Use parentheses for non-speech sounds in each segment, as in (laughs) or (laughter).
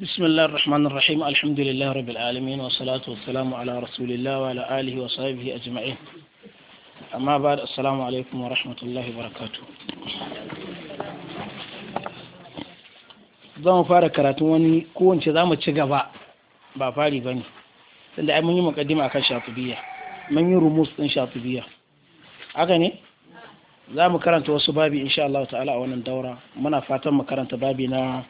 بسم الله الرحمن الرحيم الحمد لله رب العالمين والصلاة والسلام على رسول الله وعلى آله وصحبه أجمعين أما بعد السلام عليكم ورحمة الله وبركاته za mu fara karatun wani kowace za mu ci gaba ba fari ba ne tunda ai mun yi makaddima akan shatubiya mun yi rumus din shatubiya haka ne za mu karanta wasu babi insha Allah ta'ala a wannan daura muna fatan mu karanta babi na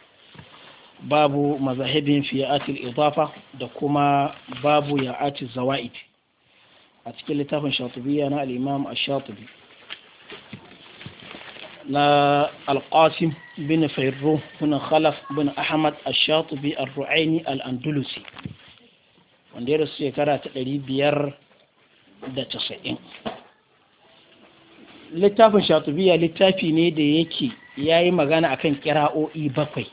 babu mazahibin fi'atil idafa da kuma babu ya ati zawaid a cikin littafin shatubiya na al-imam ash-shatibi na al-qasim bin fayrruh bin khalaf bin ahmad ash-shatibi ar-ru'aini al-andalusi wanda ya rasu shekara ta 590 littafin shatubiya littafi ne da yake yayi magana akan kira'o'i bakwai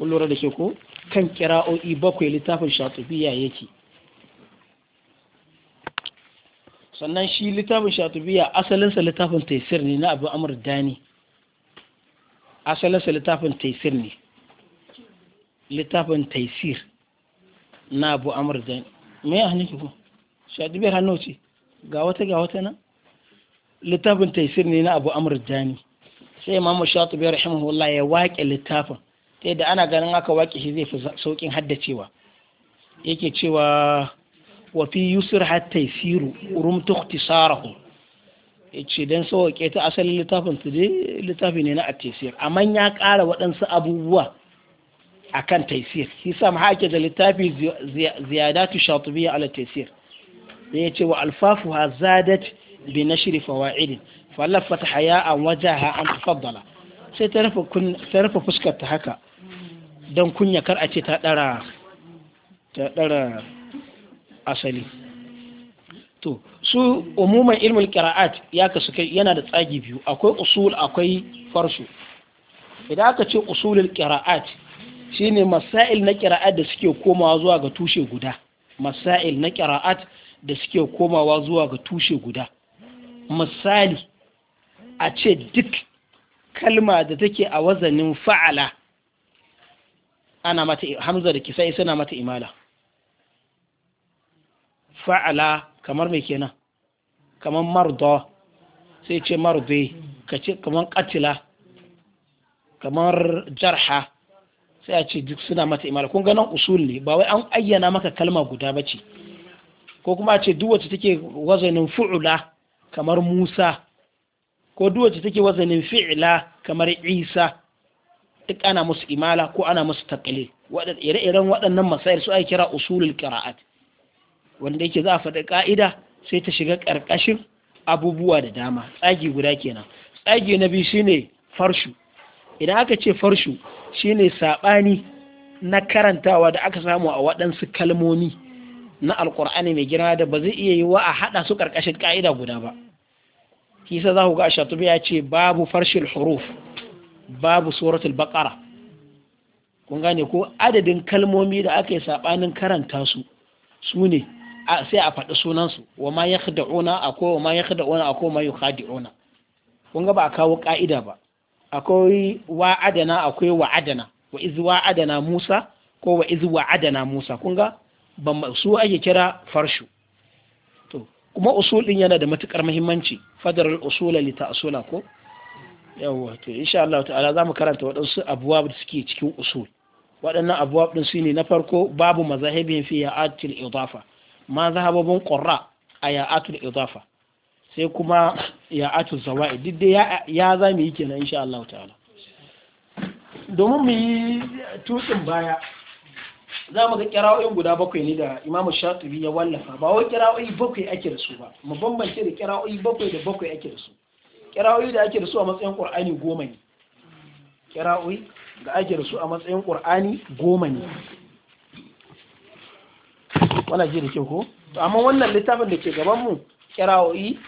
kun lura da shi ko kan kira'o'i bakwai littafin shatubiya yake sannan shi littafin shatubiya asalinsa littafin taisir ne na abu amur dani asalinsa littafin taisir ne littafin taisir na abu amur dani me ya hannun ko shatubiyar hannu ce ga wata ga wata nan littafin taisir ne na abu amur dani sai imamu Shatubiyar rahimahullah ya waƙe littafin ta da ana ganin aka waƙe shi zai fi sauƙin haddacewa yake cewa wa fi yusr hatta yasiru urum tukhtisarahu yace dan sauƙe ta asalin littafin su dai littafi ne na at-taysir amma ya ƙara waɗansu abubuwa akan taysir shi sa ma da littafi ziyadatu shatibiyya ala taysir da yace wa alfafuha zadat bi nashri fawaid fa lafata haya'an wajaha an tafaddala sai ta rufe fuskarta haka don kunya kar a ce ta ɗara ta ɗara asali to su umuman ilmul qira'at ya kasu kai yana da tsagi biyu akwai usul akwai farsu idan aka ce usulul qira'at shine masail na qira'at da suke komawa zuwa ga tushe guda masail na qira'at da suke komawa zuwa ga tushe guda misali a ce duk kalma da take a wazanin fa'ala ana mata hamza da kisai suna mata imala fa'ala kamar mai kenan kamar mardo sai ce marbe ka kamar katila kamar jarha sai a ce duk suna mata imala kun ganin usul ne ba wai an ayyana maka kalma guda ba ce ko kuma a ce duk wacce take wazanin fu'ula kamar musa ko duk wacce take wazanin fi'ila kamar isa duk ana musu imala ko ana musu taqlil ire-iren waɗannan masayar su ake kira usulul qira'at wanda yake za a faɗi ka'ida sai ta shiga ƙarƙashin abubuwa da dama tsagi guda kenan tsagi na biyu shine farshu idan aka ce farshu shine saɓani na karantawa da aka samu a waɗansu kalmomi na alkur'ani mai girma da ba zai iya yi wa a haɗa su ƙarƙashin ƙa'ida guda ba kisa za ku ga ya ce babu farshil huruf babu suratul baqara kun gane ko adadin kalmomi da aka yi sabanin karanta su su ne sai a faɗi sunansu wa ma ya khada'una akwai wa ma ya khada'una akwai ma ya kun ga ba a kawo ka'ida ba akwai wa adana akwai wa adana wa iz wa adana Musa ko wa iz wa adana Musa kun ga ban su ake kira farshu to kuma usulin yana da matukar muhimmanci fadar usula li ta'sula ko yawwa to insha Allah ta'ala zamu karanta waɗansu abuwa da suke cikin usul waɗannan abuwa ɗin su ne na farko babu mazahibin fi ya'atul idafa ma zahababun qurra a ya'atul idafa sai kuma ya'atul zawai duk dai ya mu yi kenan insha Allah ta'ala domin mu yi tutsin baya za mu ga kira'o'in guda bakwai ne da imam shatubi ya wallafa ba wai kira'o'i bakwai ake da su ba mu bambance da kira'o'i bakwai da bakwai ake da su kira'o'i da ake da su a matsayin ƙur'ani goma ne kira'o'i da ake da su a matsayin ƙur'ani goma ne wana ji da ke ko to amma wannan littafin da ke gaban mu kira'o'i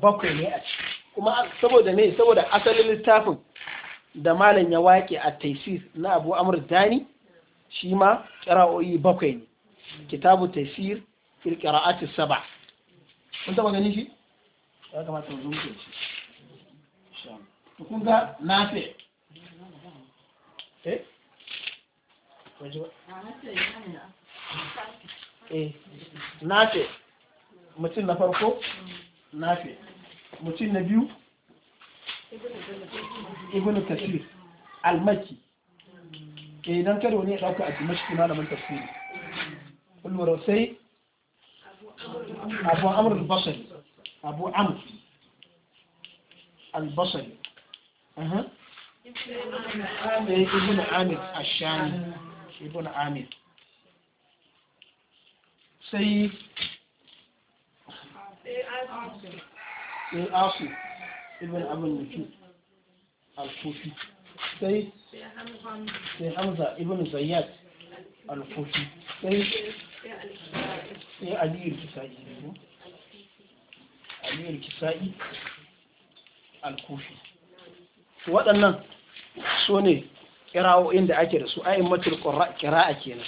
bakwai ne a ciki kuma saboda ne saboda asalin littafin da malam ya waƙe a taisir na abu amur dani shi ma kira'o'i bakwai ne kitabu taisir fil qira'ati saba kun taba ganin shi ya kamata mu zuwa shi to kun ga nafi eh waje eh mutum na farko nafi mutum na biyu ibn kasir almaki ke eh, idan kada wani ya dauka a dimashki malamin tafsiri kullum sai abu amr al-basri أبو عمرو البصري أه. ابن عامر الشامي ابن عامر سيد الآصي إيه، ابن أبو النجوم الكوفي سيد سيد حمزة ابن زياد الكوفي سيد سيد علي الكسائي amir kisa'i al-kufi to waɗannan so ne kira'o'in da ake da su ayin matul kira'a kenan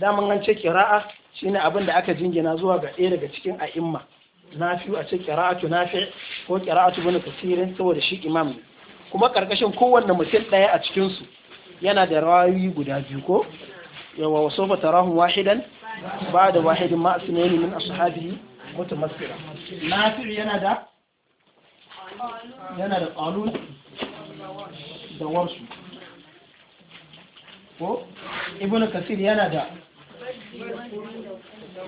daman an ce kira'a shine abin da aka jingina zuwa ga ɗaya daga cikin a'imma na nafi'u a ce kira'atu nafi ko kira'atu bana kasirin saboda shi imam ne kuma karkashin kowanne mutum ɗaya a cikin su yana da rawayi guda biyu ko yawa wasofa tarahum wahidan ba da wahidin ma'asinaini min ashabihi wata masfira nafi'u yana da yana da qalul da warsu ko ibnu kasir yana da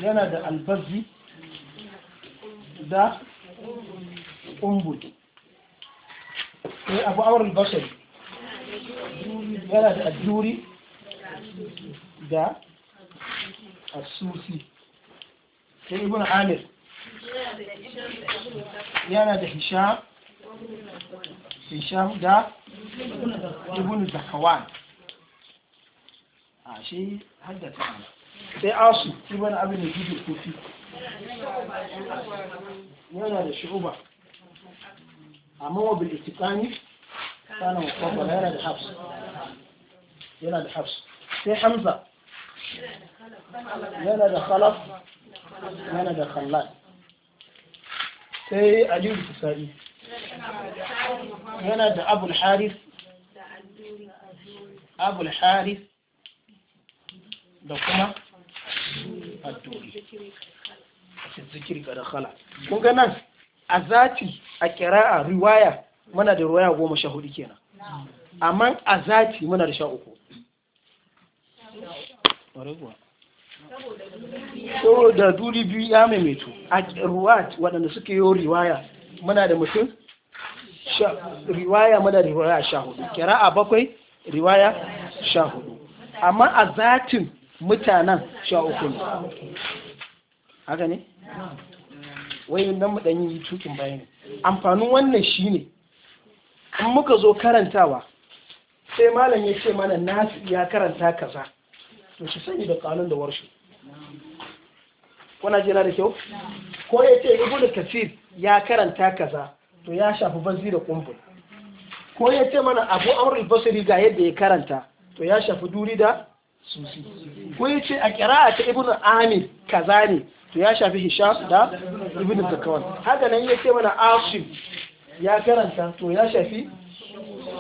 yana da albazi da umbud sai abu awar albashari yana da adduri da asusi sai ibn amir yana da hisham hisham da ibn zakawan a ah, shi haddata sai asu ibn abin da jibir kofi yana da shu'uba amma wa bil itiqani kana mufaddal yana da hafs yana da hafs sai hamza yana da khalaf yana da khallal sai aliyu sa'i yana da abul haris abul haris da kuma adduri a zikiri da khala kun ga nan a zati a kira'a riwaya muna da riwaya goma sha hudu kenan amma a zati muna da sha uku saboda duri biyu ya maimaitu a ruwat waɗanda suke yi riwaya muna da mutum riwaya muna da riwaya sha hudu kira a bakwai riwaya sha hudu amma a zatin mutanen sha uku ne haka ne wai nan mu yi tukin bayani amfanin wannan shi ne. in muka zo karantawa sai malam ya ce mana Nasi ya karanta kaza to shi sani da kanun da warshe kuna jira da kyau ko ya ce ibnu kasir ya karanta kaza to ya shafi bazi da kumbul ko ya ce mana abu amr al-basri ga yadda ya karanta to ya shafi duri da susi ko ya ce a qira'a ta ibnu amir kaza ne to ya shafi hisham da ibnu zakawan haka nan ya ce mana asim ya karanta to ya shafi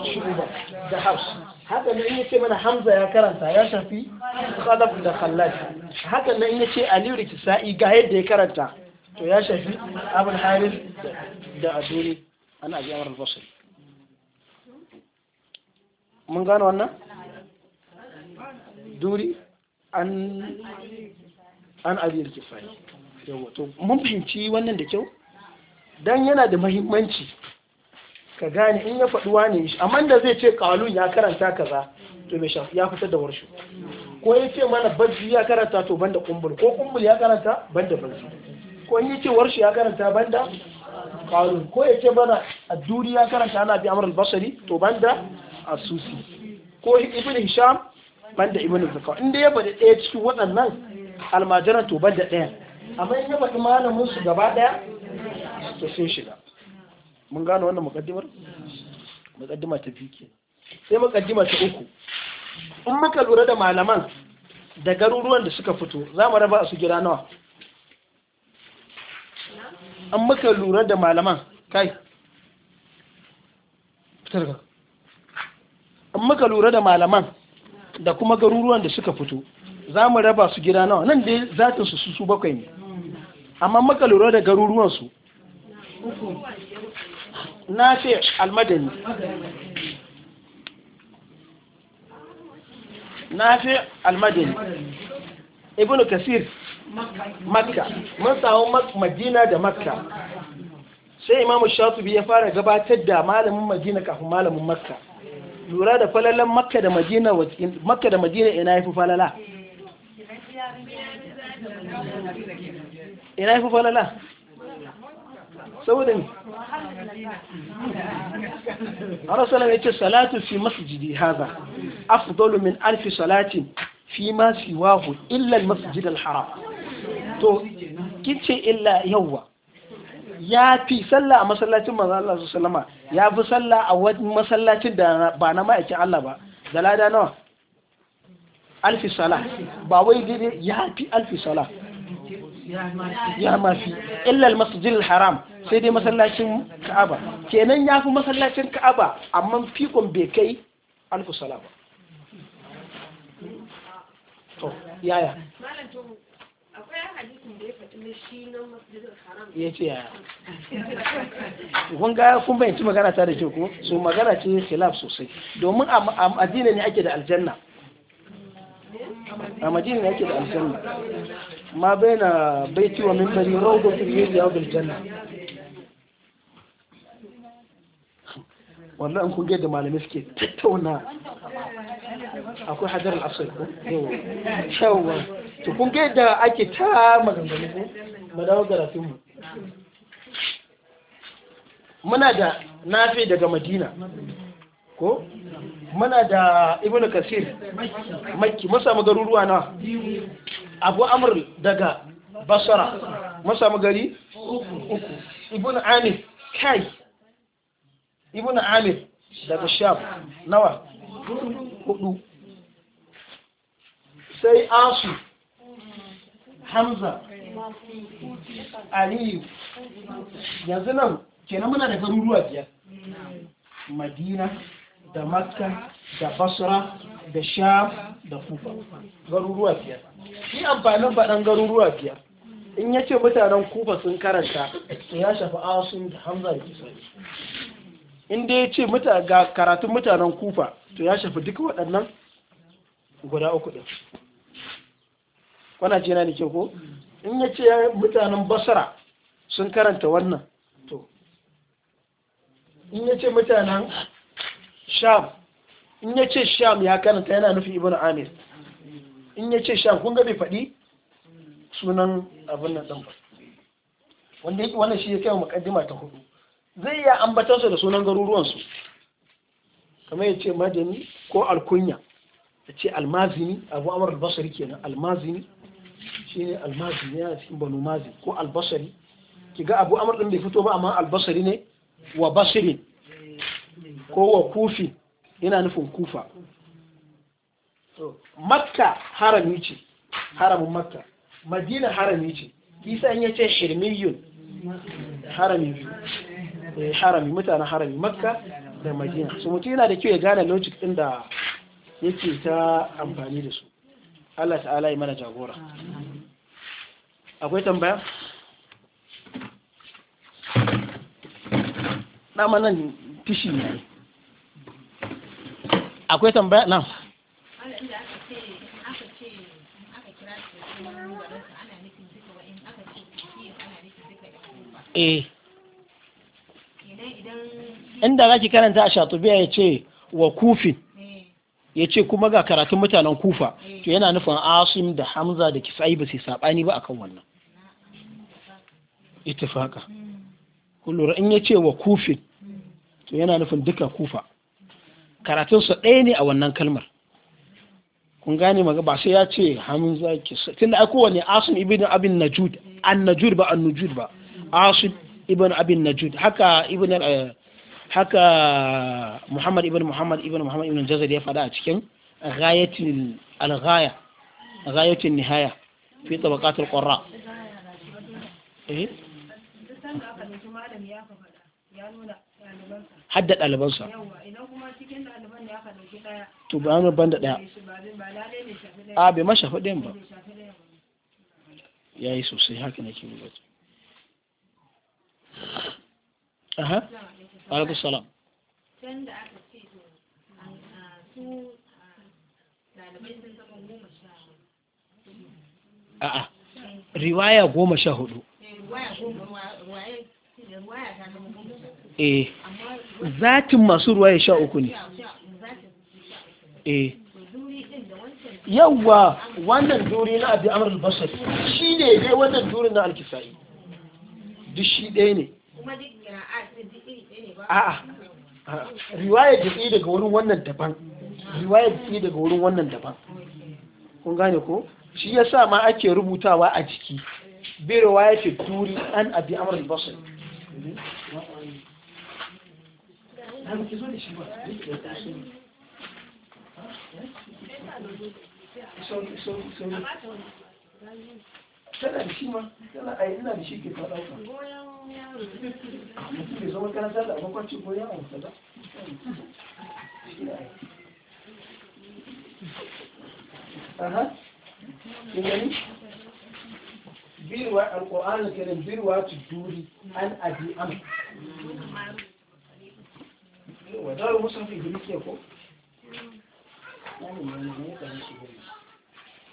shuba da house. Hakan nan yace mana hamza ya karanta ya shafi khalaf da khallaj hakan nan yace aliyu da kisa'i ga yadda ya karanta to ya shafi abul haris da aduri ana ji amar al-basri mun gano wannan duri an an abiyar kisa'i yawa to mun fahimci wannan da kyau dan yana da muhimmanci ka gane in ya faɗuwa ne shi amma da zai ce kalun ya karanta kaza to bai shafi ya fitar da warshu ko ya ce mana bazzi ya karanta to banda kumbul ko kumbul ya karanta banda bazzi ko in ya ce warshu ya karanta banda kalun ko ya ce mana adduri ya karanta ana bi amrul basari to banda asusi ko ibn hisham banda ibn zakaw inda ya faɗi ɗaya cikin waɗannan almajiran to banda ɗaya amma in ya faɗi malamin su gaba ɗaya to sun shiga mun gano wannan mukaddimar mukaddima ta biyu sai mukaddima ta uku in muka lura da malaman da garuruwan da suka fito za mu raba su gida nawa an muka lura da malaman kai fitarka an muka lura da malaman da kuma garuruwan da suka fito za mu raba su gida nawa nan dai zatin su su bakwai ne amma muka lura da garuruwan su nafi almadani nafi almadani ibn kasir makka mun samu madina da makka sai imamu shatubi ya fara gabatar da malamin madina kafin malamin makka lura da falalan makka da madina makka da madina ina yafi falala ina yafi falala saboda ne Allah sallam ya ce salatu fi masjidi haza afdalu min alfi salatin fi ma siwahu illa al-masjid al-haram to kice illa yawwa ya fi sallah a masallacin manzo Allah sallama ya fi sallah a wani masallacin da ba na ma'aikin Allah ba da lada nawa alfi sala ba wai gire ya fi alfi sala ya ma fi illa al-masjid al-haram sai dai masallacin ka'aba kenan ya fi masallacin ka'aba amma fikon bai kai alfu salama ba to yaya ya ce ya ce yaya kun gaya kun bayanci magana ta da ke ko su magana ce khilaf sosai domin a madina ne ake da aljanna a madina ne ake da aljanna ma baina baiti wa minbari rawdatun yadi yawdul janna wannan kun ga da malamai suke tattauna akwai hadar al'asar ko yawon to kun ga da ake ta maganganu ko madawa garafin mu muna da nafi daga madina ko muna da ibnu kasir makki mun samu garuruwa na abu amr daga basara mun samu gari uku ibnu anif kai ibn amir daga sham nawa hudu sai asu hamza aliyu yanzu nan kenan muna da garuruwa biyar madina da makka da basra da sham da kufa garuruwa biyar shi amfanin faɗan garuruwa biyar in yace mutanen kufa sun karanta ya shafi asun da hamza da kisai inda ya ce ga karatun mutanen kufa to ya shafi duka waɗannan guda uku ɗin wana jina ne ke ko in ya ce mutanen basara sun karanta wannan to in ya ce mutanen sham in ya ce sham ya karanta yana nufi ibn amir in ya ce sham kun ga bai faɗi sunan abin nan ɗan ba wanda wannan shi ya kai wa makaddima ta hudu zai iya ambatansu da sunan garuruwansu kamar ya ce madani ko alkunya ya ce almazini abu amur albasari kenan almazini shine almazini yana cikin banu mazi ko albasari ki ga abu amur ɗin bai fito ba amma albasari ne wa basirin ko wa kufi yana nufin kufa makka harami ce haramin makka madina harami ce kisa in ya ce shirmiyun harami biyu Eh, harami mutanen harami makka da madina su mutu yana da kyau ya gane logic din da yake ta amfani da su Allah ta'ala yi mana jagora akwai tambaya na nan tishi ne akwai tambaya nan eh inda zaki karanta a shatubiya ya ce wa kufin ya ce kuma ga karatun mutanen kufa to yana nufin asim da hamza da kisai ba su saɓani ba akan wannan itifaka kullura in ya ce wa kufin to yana nufin duka kufa karatun su ɗaya ne a wannan kalmar kun gane maga ba sai ya ce hamza kisai tunda aiko wani asim ibn abin najud an najud ba an najud ba asim ibn abin najud haka ibn eh, haka Muhammad ibn Muhammad ibn Muhammad ibn Jazari ya faɗa a cikin ghayatul al-ghaya ghayatul nihaya fi tabaqatul qurra eh hadda ɗalibansa to ba mu banda ɗaya a bai ma shafi ba ya yi sosai haka nake rubuta aha alaikum salam uh, uh, a'a riwaya goma sha hudu eh, eh zatin masu ruwaya sha uku ne eh yawwa wannan duri na abi amr al shi ne dai wannan durin na Alkisa'i? kisai duk shi ɗaya ne a'a da jiki daga wurin wannan daban da jiki daga wurin wannan daban kun gane ko shi yasa ma ake rubutawa a jiki bi ce turi an abi amr al-basri Thank you. tana da shi ma tana ai ina da shi ke faɗa ka mutum bai zo makaranta da abokan ci goyon a wasa ba aha ingani birwa alƙo'an kenan birwa tu duri an abi am wa daru musulun fi girki ko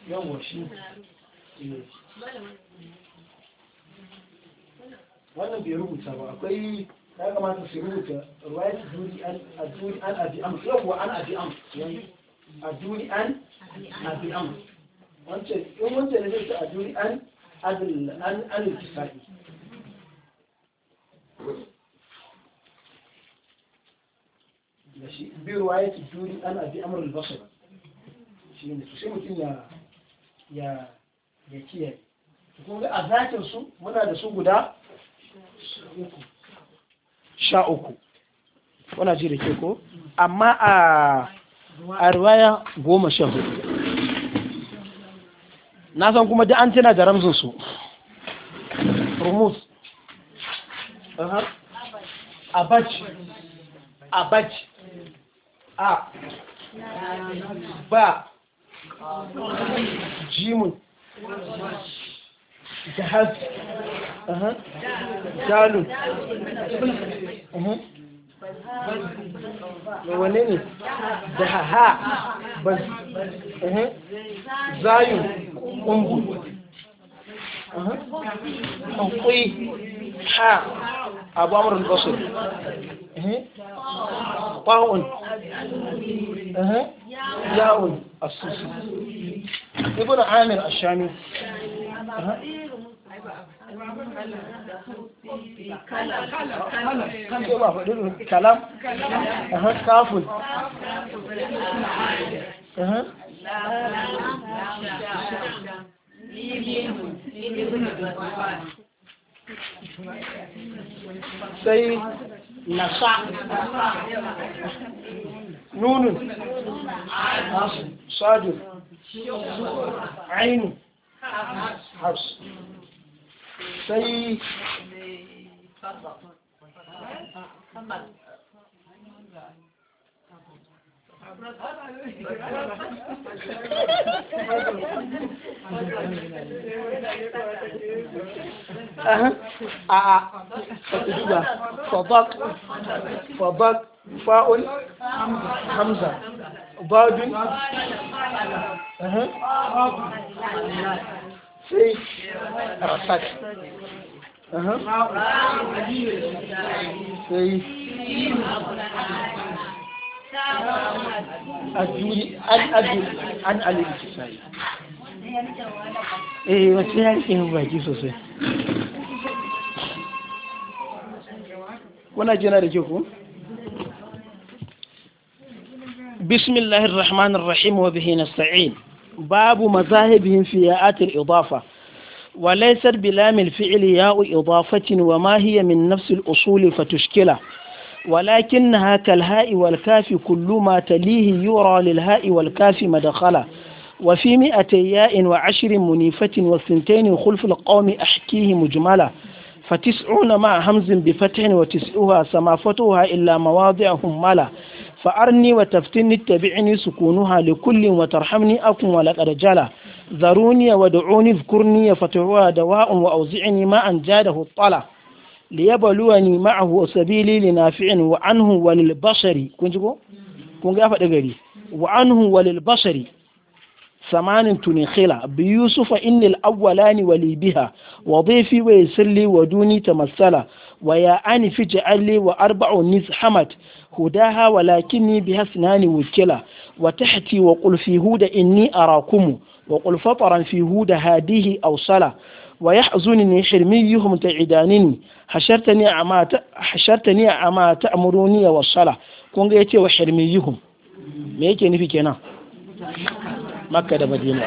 yawon shi wannan bai rubuta ba akwai ya kamata su rubuta right duri an aduri an abi am yau kuwa an abi am aduri an abi am wancan in wancan ne zai ce aduri an adul an an kisai ماشي برواية الدوري أنا أبي أمر البصرة شيء من السوسيمة يا يا ya kiyaye kun ga a zakin su muna da su guda sha uku wana ji da ke ko amma a riwaya goma sha hudu na san kuma da an tana da ramzin su rumus abaj abaj a ba jimun jahaz jalu wane ne da ha baz zayu ƙungu ƙunƙui ha abu amurin basir ƙwa'un ya'un asusu يقول عامر الشامي كلام أها كافل سي نشع نون صاد عين حفص سي محمد أها أ فضق فضق فاء حمزة ضاد أها سي رصد أها سي إيه، بسم الله الرحمن الرحيم وبه نستعين باب مذاهبهم في ياءات الإضافة وليست بلام الفعل ياء إضافة وما هي من نفس الأصول فتشكله ولكنها كالهاء والكاف كل ما تليه يرى للهاء والكاف مدخلا وفي مئتي ياء وعشر منيفة وثنتين خلف القوم أحكيه مجملا فتسعون مع همز بفتح وتسعها سمافتها إلا مواضعهم ملا فأرني وتفتني اتبعني سكونها لكل وترحمني أكن ولقد جلا ذروني ودعوني اذكرني فتعوها دواء وأوزعني ما أنجاده الطلا liyabluwani ma'ahu sabili linafi'in wa anhu walil bashari gari wa anhu walil samanin tuni khila bi yusufa innal awwalani wa li biha wa dhifi wa wa duni ta wa ya ani fi ja'ali wa arba'u niz hamad hudaha walakinni bi hasnani wukila wa tahti wa qul fi huda inni arakum wa qul fataran fi huda hadihi aw sala ويحزنني حرميهم تعدانني حشرتني أما حشرتني أما تأمروني والصلاة كون يتي وحرميهم me yake nufi kenan makka da madina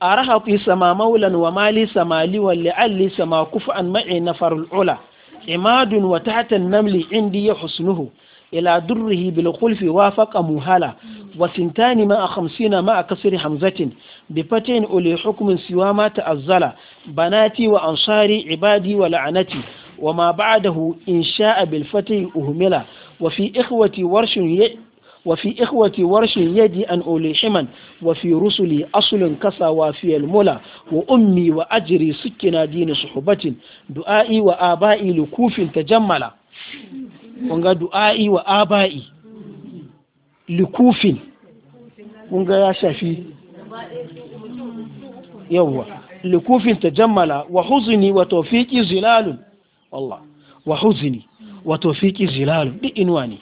a rahafi sama maulan wa mali samali wa li'alli sama kufan ma'i na farul imadun wa tahtan namli indiya husnuhu ila durrihi bil khulfi wafaqa muhala wa sintani ma'a khamsina ma'a kasri hamzatin bi fatin uli hukmin siwa ma ta'azzala banati wa ansari ibadi wa la'anati wa ma ba'dahu insha'a bil fatin uhmila wa fi ikhwati warshin وفي إخوتي ورش يدي أن أليحما وفي رسلي أصل كسى وفي الملا وأمي وأجري سكنا دين صحبة دعائي وآبائي لكوف تجملا kunga du'a'i wa aba'i likufin kunga ya shafi yawwa likufin tajammala wa huzni wa tawfiqi zilalun wallah wa huzni wa tawfiqi zilalun duk inuwa ne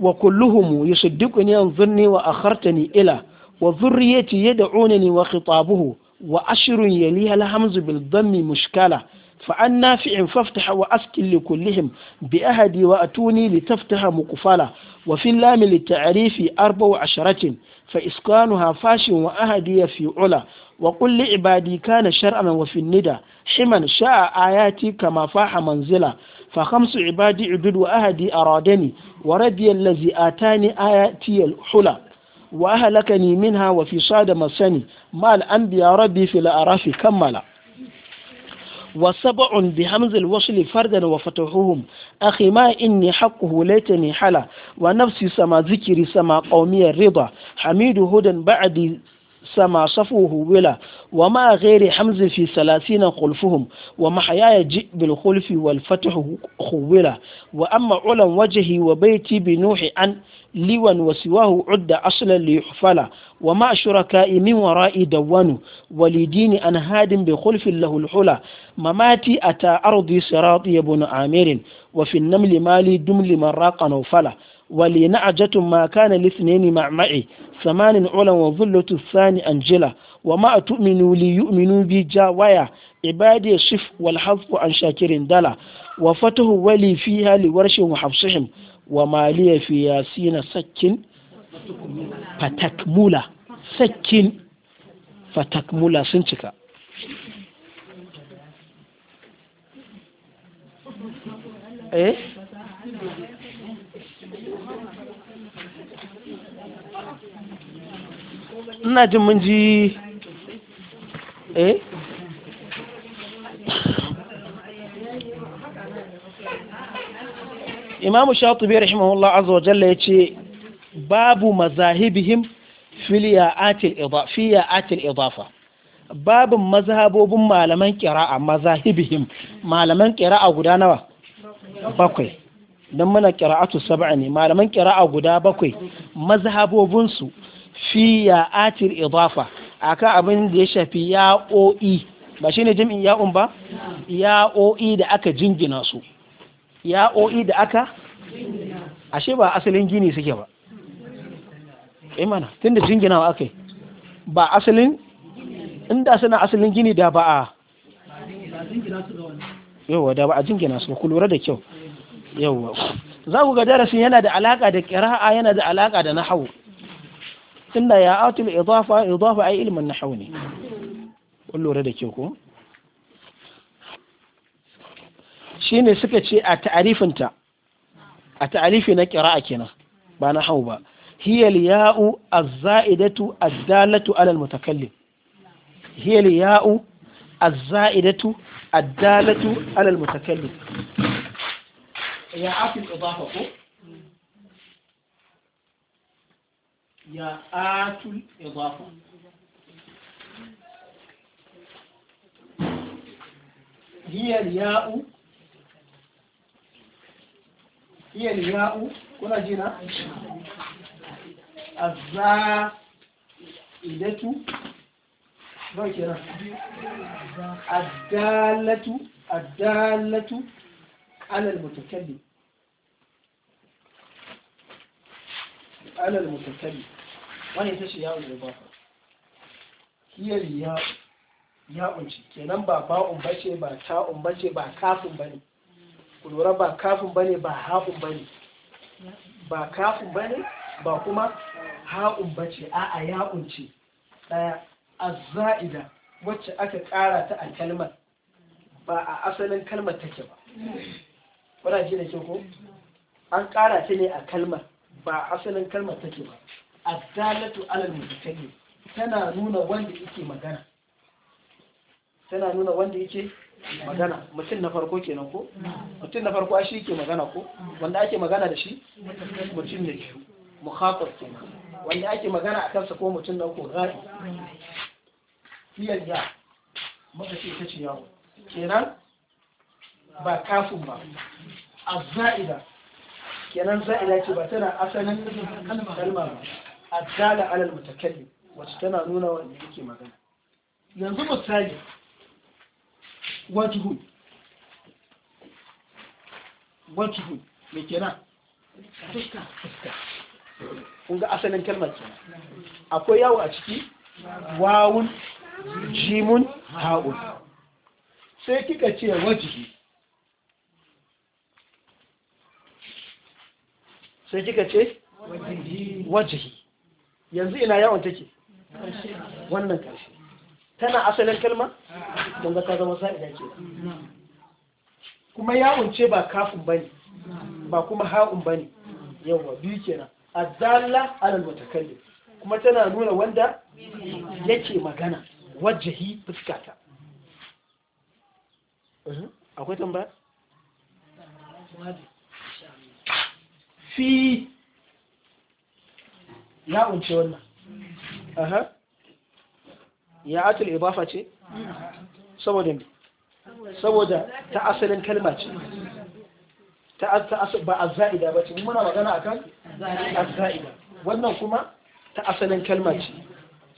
wa kulluhum yusaddiquni yanzurni wa akhartani ila wa dhurriyyati yad'unani wa khitabuhu wa ashrun yaliha alhamzu bil dhammi mushkala فأن نافع فافتح وأسكن لكلهم بأهدي وأتوني لتفتح مقفلة وفي اللام للتعريف أربع عشرة فإسكانها فاش وأهدي في علا وقل لعبادي كان شرعا وفي الندى حما شاء آياتي كما فاح منزلا فخمس عبادي عدد وأهدي أرادني وردي الذي آتاني آياتي الحلى وأهلكني منها وفي صاد مسني ما الأنبياء ربي في الأراف كملا وسبع بهمز الوصل فردا وفتحهم أخي ما إني حقه ليتني حلا ونفسي سما ذكري سما قومي الرضا حميد هدى بعد سما صفوه ولا وما غير حمز في ثلاثين خلفهم ومحياي جئ بالخلف والفتح خولا وأما علم وجهي وبيتي بنوح أن لوا وسواه عد أصلا ليحفلا ومع شركائي من وراء دوان أن هاد بخلف له الحلا مماتي أتى أرضي صراطي يبن عامر وفي النمل مالي دمل من راق نوفلا ولي نعجة ما كان لاثنين مع معي ثمان علا وظلة الثاني أنجلا وما تؤمنوا ليؤمنوا بي جاوية عبادي صف والحظ عن شاكر دلا وفته ولي فيها لورش وحفصهم وما لي في ياسين سكن fatakmula sakin fatakmula sun cika eh ina jin mun ji eh imamu shatubi rahimahullah azza wa jalla yace babu mazahibihim fiya atil idafa babin mazhabobin malaman kiraa mazahibihim malaman kiraa guda nawa bakwai don muna ƙira'atu saba'a ne malaman kiraa guda bakwai mazhabobinsu fiya atil idafa akan abin da ya shafi ya'o'i ba shine jami'in ya'un ba ya'o'i da aka jingina su ya'o'i da aka ashe ba asalin gini suke ba imana eh, tun da jinginawa aka yi ba asalin inda suna asalin gini da ba a yauwa da ba a jingina su ku lura da kyau yauwa za ku ga darasin yana da alaka da kira'a yana da alaka da nahawu tunda ya atul idafa idafa ai ilmin nahawu ne kun lura da kyau ko shine suka ce a ta'arifinta a ta'arifi na kira'a kenan ba nahawu ba هي الياء الزائدة الدالة على المتكلم هي الياء الزائدة الدالة على المتكلم يا عاف الإضافة يا آت الإضافة هي الياء هي الياء كنا جينا azza'idatu ba kira addalatu addalatu alal mutakallim alal mutakallim wani ita ce yawon ba hiyar ya ya kenan ba ba'un bace ba ba kafin bane ba kafin bane ba ha'un bane ba kafin bane ba kuma ha'un bace a ya'un ce ɗaya azza'ida wacce aka ƙara ta a kalmar ba a asalin kalmar take ba wadda ji da ke ko an ƙara ta ne a kalmar ba a asalin kalmar take ba azzalatu alal mutakallim tana nuna wanda yake magana tana nuna wanda yake magana mutum na farko kenan ko mutum na farko a shi ke magana ko wanda ake magana da shi mutum ne biyu mukhatab kenan wanda ake magana a kansa ko mutum na uku gari fiyar ya maka ce ta ce yawo kenan ba kafin ba a za'ida kenan za'ida ce ba tana asalin kalma ba a dala alal mutakalli wacce tana nuna wanda yake magana yanzu misali wajhu wajhu me kenan fuska fuska kun ga asalin kalmar ke akwai yawo a ciki wawun jimun ha'un sai kika ce wajihi sai kika ce wajihi yanzu ina yawon take wannan karshe tana asalin kalma don ga ta zama sa'ida ke kuma yawon ce ba kafin bane ba kuma ha'un bane yawon biyu kenan azalla alal mutakallim kuma tana nuna wanda yake magana wajahi fuskata akwai tambaya fi ya unce wannan aha ya atul ibafa ce saboda saboda ta asalin kalma ce ta ba azza'ida ba ce muna magana akan azza'ida wannan kuma ta asalin kalma ce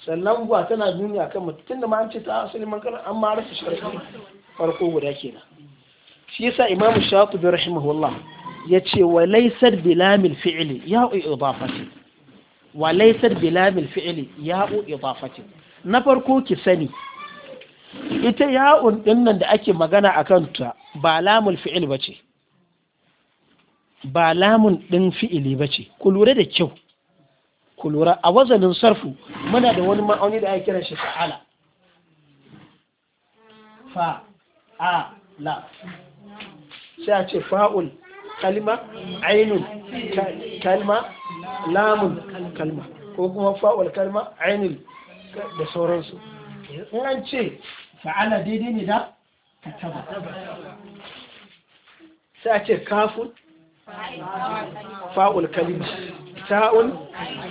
sannan ba tana duniya akan mutum da ma an ce ta asalin mankar an ma rasa sharfi farko guda kenan shi yasa imam shafi bi rahimahullah ya ce wa laysat bilamil fi'li ya idafati wa laysat bilamil fi'li ya idafati na farko ki sani ita ya'un ɗinnan da ake magana akan ta ba lamul fi'il bace ba lamun ɗin fi'ili ba ce ku lura da kyau ku lura a wazanin sarfu muna da wani ma'auni da ake kiran shi fa'ala fa'ala sai a ce fa'ul kalma ainun kalma lamun kalma ko kuma fa'ul kalma ainun da sauransu in an ce fa'ala daidai ne da kataba sai a ce kafin fa'ul kalima ta'un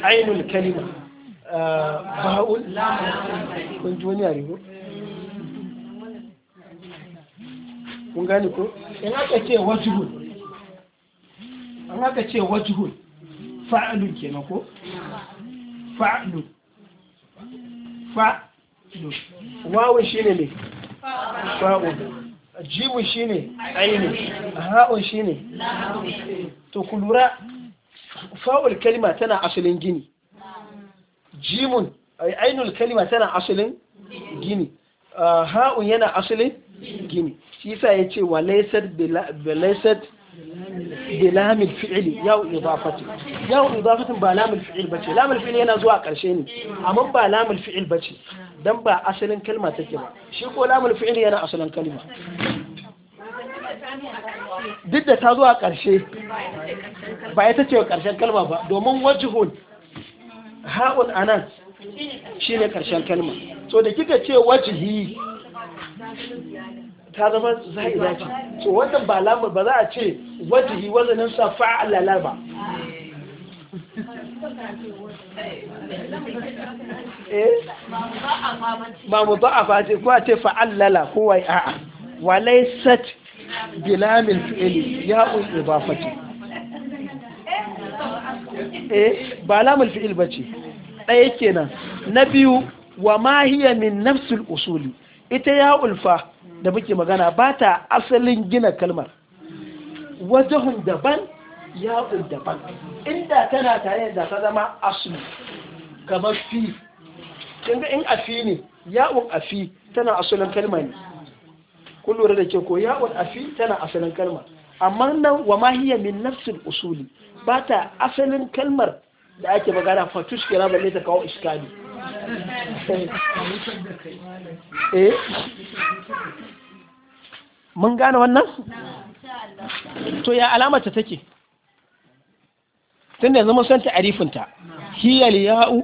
ainul kalima ba'ul ah, kun ji wani yare ko kun gane ko in aka ce wajhul an aka ce wajhul fa'lun kenan ko fa'lun fa'lun wawun shine ne fa'lun jimu ne aini ha'un ne to ku lura fa'ul kalima tana asalin gini jimun ainul kalima tana asalin gini ah, ha'un yana asalin gini shi ya ce wa laysat bilaysat bilamil fi'li yau idafati yaw idafati ba lamil fi'il bace lamil fi'il yana zuwa karshe ne amma ba lamil fi'il bace dan ba asalin kalma take ba shi ko lamul fi'li yana asalin kalma duk da ta a ƙarshe ba ya ce ƙarshen kalma ba domin wajihun ha'un anan shi ne ƙarshen kalma so da kika ce wajihi ta zama za'ida ce so wannan ba lamar ba za a ce wajihi wazanin sa fa'ala ba Eh? ba mu ba a face ko a ce fa'allala ko wai a'a walai sat bilamin fi'ili ya ba ibafati eh ba lamul fi'il ce. ɗaya kenan na biyu wa ma min nafsul usuli ita ya ulfa da muke magana ba ta asalin gina kalmar wajahun daban ya'un daban inda tana tare da ta zama aslu kamar fi kin ga in afi ne ya'un afi tana asalin kalma ne kun lura da ke ko ya'un afi tana asalin kalma amma nan wa mahiya min nafsil usuli ba ta asalin kalmar da ake magana fa tuskira ne ta kawo iskali (laughs) eh mun gane wannan to ya alamata take tun da zama son ta'arifinta hiyal ya'u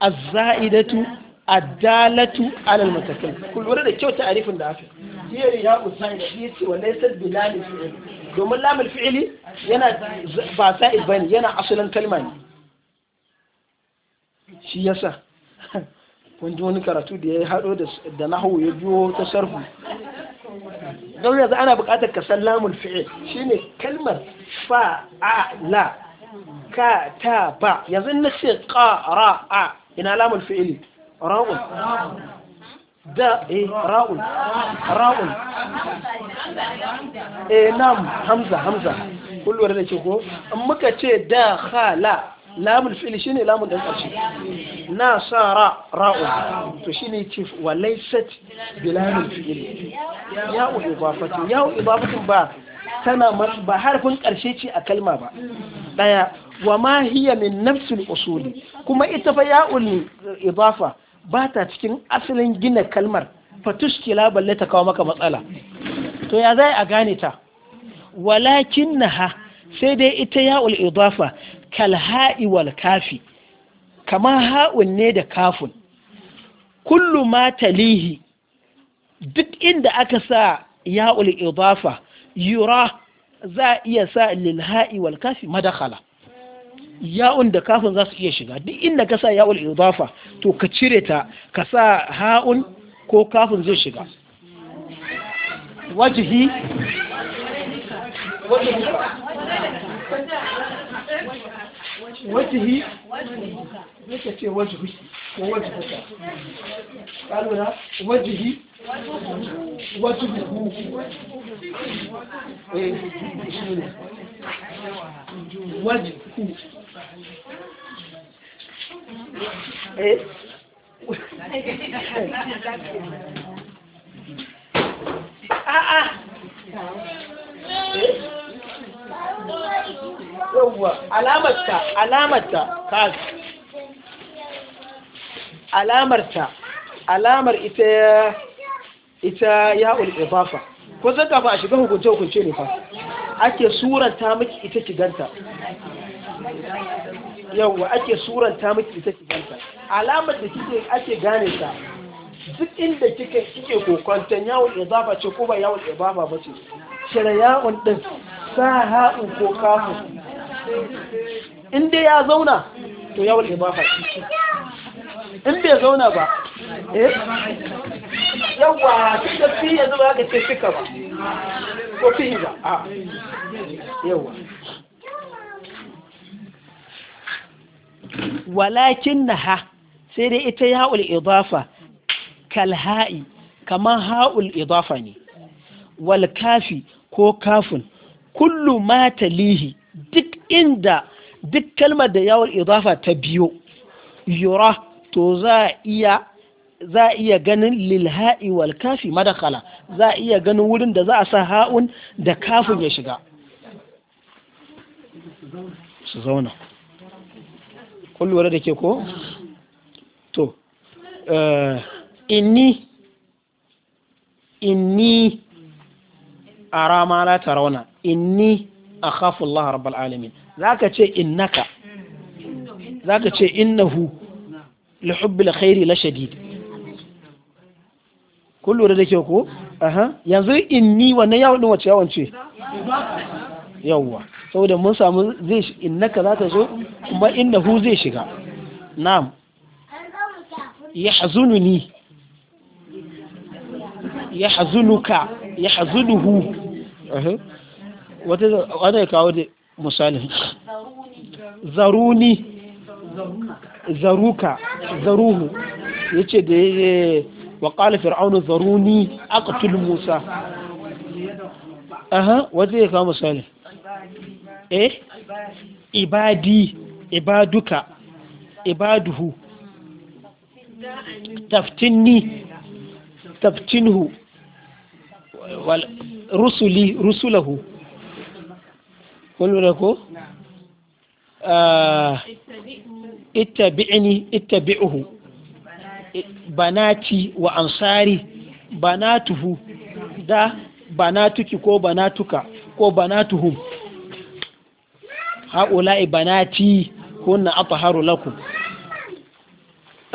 a zaidatu a dalatu alal al-mutakallim da kyau ta'arifin da aka hiyal ya'u sa'idatu shi ce wa laysa bilal fi'il domin lamul fi'ili yana ba sa'id bane yana asalin kalma ne shi yasa (laughs) kun ji wani karatu da ya haɗo da nahu ya biyo ta sarfu don yanzu ana buƙatar ka san lamul fi'il shine kalmar fa'ala ka ta ba yanzu na ce ƙara'a ina lamun fi'ili ra'un da eh ra'un ra'un eh nam hamza hamza kullu da ce ko in muka ce da khala lamun fi'ili shine lamun dan ƙarshe. na sara ra'un to shine ce wa laysat bilamul fi'ili ya'u idafatu ya'u idafatu ba tana ba harfin ƙarshe ce a kalma ba ɗaya wa ma hiya min nafsul usuli kuma ita fa ya'ul idafa ba ta cikin asalin gina kalmar fatushkila balle ta kawo maka matsala to ya zai a gane ta walakin sai dai ita ya'ul idafa kal ha'i wal kafi kama ha'un ne da kafun kullu ma talihi duk inda aka sa ya'ul idafa yura za a iya sa lilha'i wal kafi madakhala ya'un da kafin za su iya shiga duk inda ka sa ya'ul idafa to ka cire ta ka sa ha'un ko kafin zai shiga wajihi wajihi wajihi zai ce wajihi ko wajihuka ƙalura wajihi wajihu eh (laughs) yawwa alamarta alamarta kas alamarta alamar ita ita ya ul'ifafa ko zaka ba a shiga hukunce hukunce ne fa ake suranta miki ita kiganta yawwa ake suranta miki ita kiganta alamar da kike ake gane ta duk inda kike kike kokonton yawon izafa ce ko ba yawon izafa ba ce shirya yawon din sa ha'un ko kafin in dai ya zauna to ya yawon ba fa in bai zauna ba eh yawa da fi ya zama ga ce fika ba ko fi ba a yawa walakin na sai dai ita ya'ul idafa kalha'i kamar ha'ul idafa ne wal kafi ko kafin kullu ma talihi duk inda duk kalmar da yawon idafa ta biyo yura to za a iya za a iya ganin lilha'i wal kafi madakala za a iya ganin wurin da za a sa ha'un da kafin ya shiga su zauna kullum da ke ko to eh, inni inni a rama ta rauna, inni a kafin laharar alamin zaka ce innaka zaka ce innahu li hubbil khairi la shadid kun lura da ke ko aha yanzu inni wannan yawon din wace yawon ce yawwa saboda mun samu zai innaka zata zo kuma innahu zai shiga na'am ya hazununi ya hazunuka ya hazunuhu wata ya kawo da misalin zaruni zaruka zaruhu ya ce da ya wa ƙala fir'aunu zaruni aqtul musa aha wanda ya kawo misalin eh ibadi ibaduka ibaduhu taftinni taftinhu rusuli rusulahu kun lura ko ah, ittabi'ni ittabi'uhu banati wa ansari banatuhu da banatuki ko banatuka ko banatuhum haula'i banati kunna athaharu lakum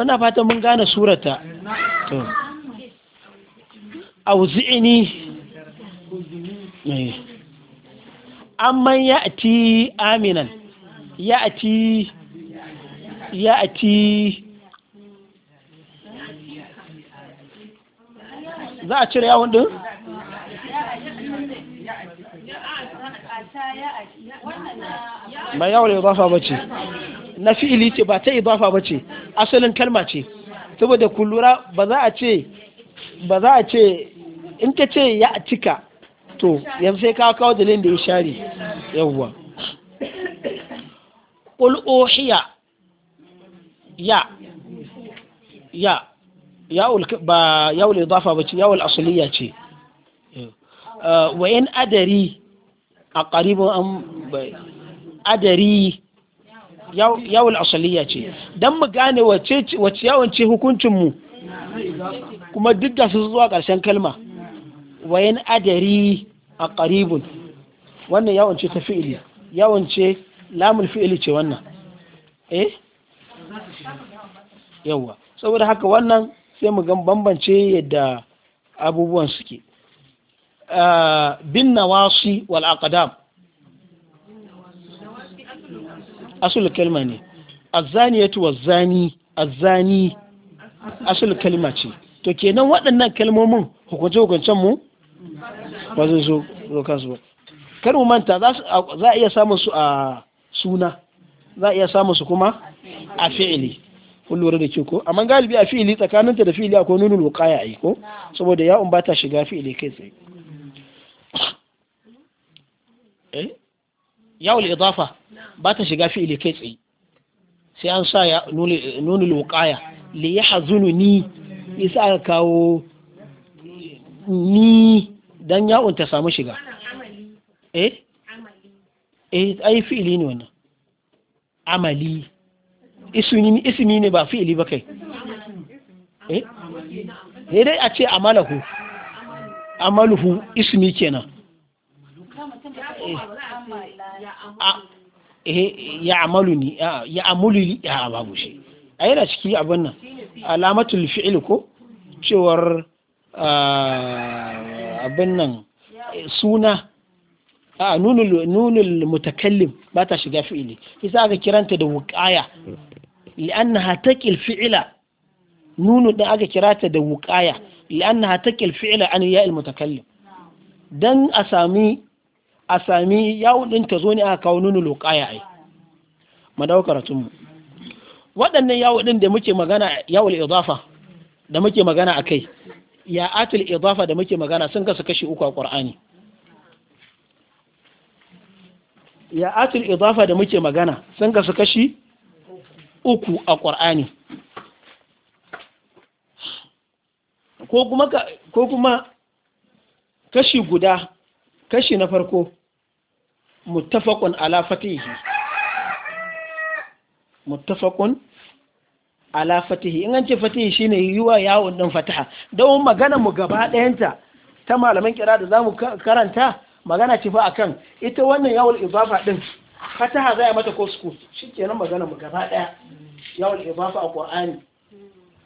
ina fatan mun gane surata to auzi'ni eh. amman ya ti aminan ya a ti ya a ti za a cire yawon din? ba yawon idafa ba ce na fi'ili ce ba ta idafa ba ce asalin kalma ce saboda kullura ba za a ce ba za a ce in ka ce ya cika to yanzu sai ka kawo dalilin da ya share yawwa qul uhiya ya ya ya ba ya ul idafa bace ya ul asliya ce eh, wa in adari a qaribun am adari yawon asaliya ce don mu gane wacce yawon ce hukuncinmu kuma duk da su zuwa ƙarshen kalma wayan adari a ƙaribun wannan yawon ce ta fi'ili yawon ce lamun fi'ili ce wannan eh yawa saboda haka wannan sai mu gan bambance yadda abubuwan suke ah, bin nawasi wal aqdam asul kalma ne azzaniyatu wazzani azani asul kalma ce to kenan waɗannan kalmomin hukunce hukuncen mu ba zai zo kansu ba kar mu manta za a iya samun su a suna za a iya samun su kuma a fi'ili kun lura da ko amma galibi a fi'ili tsakaninta da fi'ili akwai nunul wuqaya ai ko saboda ya ba ta shiga fi'ili kai tsaye (coughs) eh idafa ba ta shiga fi'ili kai tsaye sai an sa ya nunul wuqaya li ni isa aka kawo ni dan ya'un ta samu shiga eh eh ai fi'ili ne wannan amali ismi ismi ne ba fi'ili ba kai eh eh dai a ce amalahu amaluhu ismi kenan ya eh. Eh, amalu ni ya amulu ya babu shi a yana ciki abin nan alamatul fi'il ko cewar ah, abin nan suna a nunul mutakallim ba ta shiga fi'ili isa aka kiranta da wuqaya li'annaha taqil fi'ila nunu ɗin aka kirata da wuqaya li'annaha taqil fi'ila an ya'il mutakallim dan a sami a sami yawo din ta zo ne aka kawo nunul wuqaya ai madaukaratun mu waɗannan yawo din da muke magana yawul idafa da muke magana akai ya atul idafa da muke magana sun kasu kashi uku a qur'ani ya atul idafa da muke magana sun kasu kashi uku a qur'ani ko kuma ko kuma kashi guda kashi na farko muttafaqun ala fatihi muttafaqun ala fatihi in an ce fatihi shine yiwa yawon din fataha don magana mu gaba ɗayanta ta malaman kira da zamu karanta magana ce fa akan ita wannan yawon ibafa din fataha zai mata ko suku shikenan magana mu gaba ɗaya yawon ibafa a qur'ani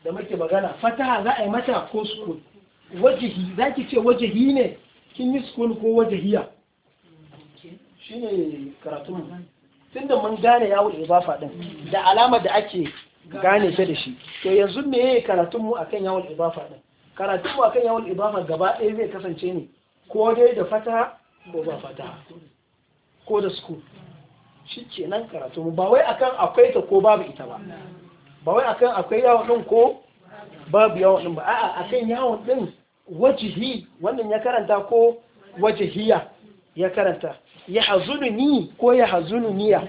da muke magana fataha za a yi mata ko suku wajihi zaki ce wajihi ne kin yi sukun ko wajihiya shine ne karatun tunda mun gane yawon ibafa din da alama da ake gane ta da shi to yanzu me yake karatun mu akan yawon ibafa din karatun mu akan yawon ibafa gaba ɗaya zai kasance ne ko dai da fata ko ba fata ko da suku shi kenan karatu mu ba wai akan akwai ta ko babu ita ba ba wai akan akwai yawon din ko babu yawon din ba a'a akan yawon din wajihi wannan ya karanta ko wajihiya ya karanta ya hazununi ko ya hazununiya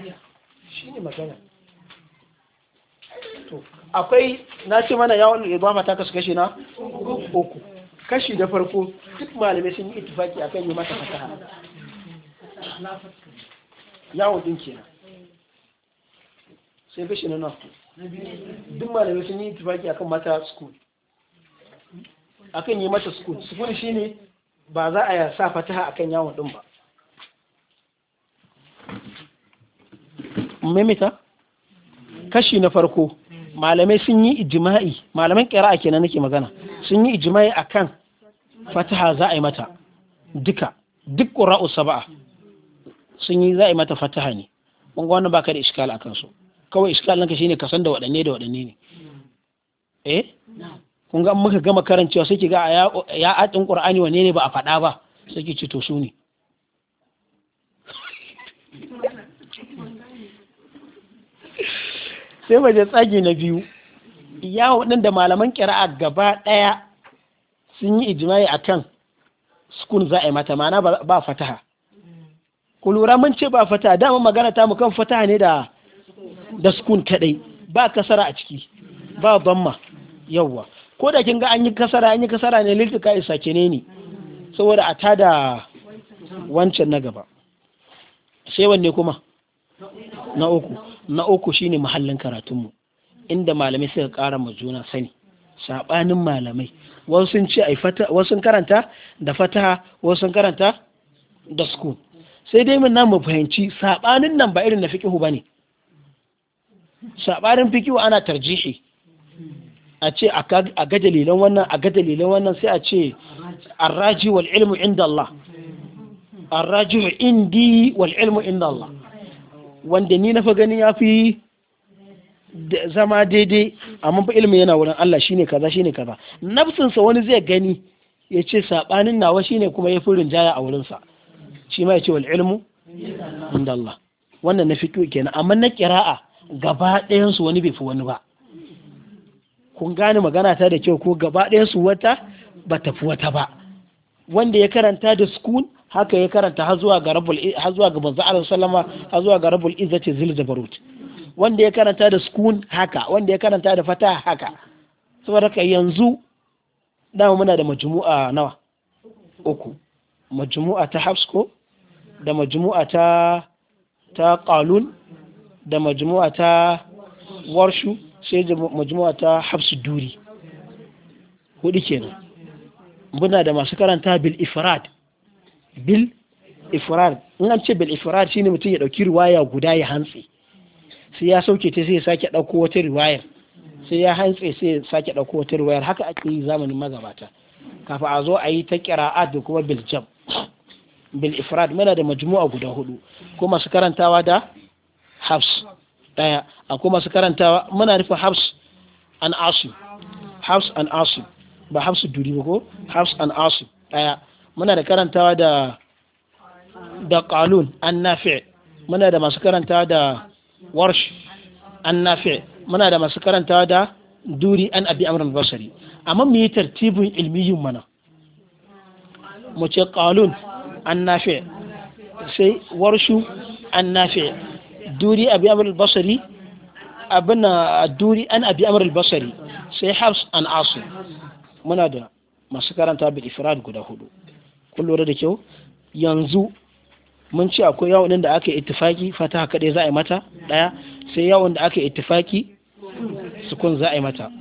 shine magana to akwai na ce mana yawon ibama mata kasu kashi na uku kashi da farko duk malamai sun yi itifaki akan yi mata fasaha yawon din kenan sai kashi na nafi duk malamai sun yi itifaki kan mata school akan yi mata school school ne ba za a sa fataha akan yawon din ba mimita kashi na farko malamai sun yi ijima'i malaman ƙira'a kenan nake magana sun yi ijima'i akan fataha za a yi mata duka duk ƙura'u saba'a sun yi za a yi mata fataha ne mun ga wannan baka da iskal a kansu kawai iskal nanka shine ka san da waɗanne da waɗanne ne eh kun ga muka gama karancewa sai ki ga ya atin qur'ani wanne ne ba a faɗa ba sai ki ci to su ne sai waje tsagi na biyu ya da malaman kira'a gaba ɗaya sun yi ijimai a kan sukun za a yi mata mana ba fataha ku lura mun ce ba fataha dama magana ta mu kan fataha ne da da sukun kaɗai ba kasara a ciki ba bamma yawwa ko da kin ga an yi kasara an yi kasara ne liltika isa kene ne saboda a tada wancan na gaba sai wanne kuma na uku na uku shine mahallin karatunmu inda malamai suka ƙara ma juna sani saɓanin malamai wasu sun ce ai fata wasu sun karanta da fataha wasu sun karanta da sukun sai dai mun nan mu fahimci saɓanin nan ba irin na fiqhu bane saɓanin fiqhu ana tarjihi a ce a ga dalilan wannan a ga dalilan wannan sai a ce arraji wal ilmu inda Allah arraji indi wal ilmu inda Allah wanda ni na fa gani ya fi zama daidai amma fa ilimin yana wurin Allah shine kaza shine kaza nafsinsa wani zai gani ya ce saɓanin nawa shine kuma ya fi rinjaya a wurinsa shi ma ya ce wal ilmu inda Allah wannan na fiƙo kenan amma na a gaba ɗayansu wani bai fi wani ba kun gane magana ta da kyau ko gaba ɗayansu wata ba ta fi wata ba wanda ya karanta da school haka ya karanta har zuwa ga rabbul har zuwa ga manzo Allah sallama har zuwa ga rabbul izzati zil jabarut wanda ya karanta da sukun haka wanda ya karanta da fata haka saboda ka yanzu dama muna da majmu'a nawa uku majmu'a ta hafsko da majmu'a ta ta qalun da majmu'a ta warshu sai da majmu'a ta hafsu duri hudu kenan muna da masu karanta bil ifrat bil ifrad in an ce bil ifrad shine mutum ya dauki riwaya guda ya hantsi sai ya sauke ta sai ya sake dauko wata riwaya sai ya hantsi sai ya sake dauko wata riwaya haka ake yi zamanin magabata kafin a zo a yi ta qira'at da kuma bil jam bil ifrad muna da majmu'a guda hudu ko masu karantawa da hafs daya akwai masu karantawa muna rufe hafs an asu hafs an asu ba hafs duri ba ko hafs an asu daya muna da karantawa da da qalun an nafi' muna da masu karantawa da warsh an nafi' muna da masu karantawa da duri an abi amr basari amma mu yi tartibin ilmiyin mana mu ce qalun an nafi' sai warshu an nafi' duri abi amr basari abin duri an abi amr basari sai hafs an asim muna da masu karanta bi ifrad guda hudu kun lura da kyau yanzu mun ce akwai yawon da aka yi ittifaki fataha kaɗai za a yi mata ɗaya sai yawon da aka yi ittifaki sukun za a yi mata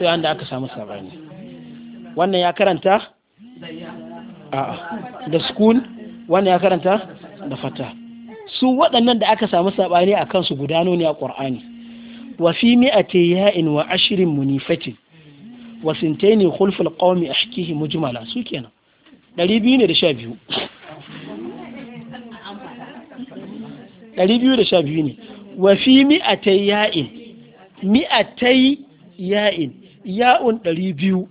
yawon da aka samu sabani wannan ya karanta da sukun wannan ya karanta da fata su waɗannan da aka samu sabani a kansu gudano ne a ƙur'ani wa fi mi'ati ya'in wa ashirin munifatin wa sintaini khulful qawmi ahkihi mujmala su kenan ɗari biyu ne da sha biyu ɗari biyu da sha biyu ne wa fi mi'atai ya'in mi'atai ya'in ya'un ɗari biyu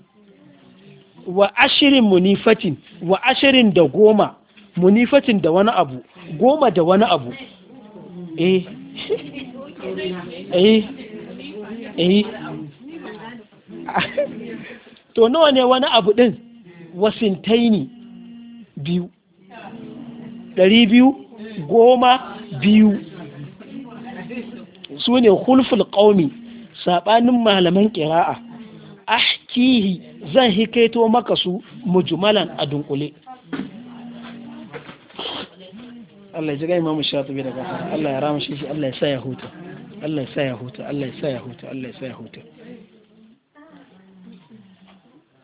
wa ashirin munifatin wa ashirin da goma munifatin da wani abu goma da wani abu eh (laughs) eh eh to nawa ne wani abu ɗin wasintaini biyu ɗari biyu goma biyu su ne hulful ƙaumi saɓanin malaman ƙira'a kihi, zan hikaito maka su mujmalan a dunkule Allah ya jiga mashi shafi daga Allah ya rama shi Allah ya sa ya huta Allah ya sa ya huta Allah ya sa ya huta Allah ya sa ya huta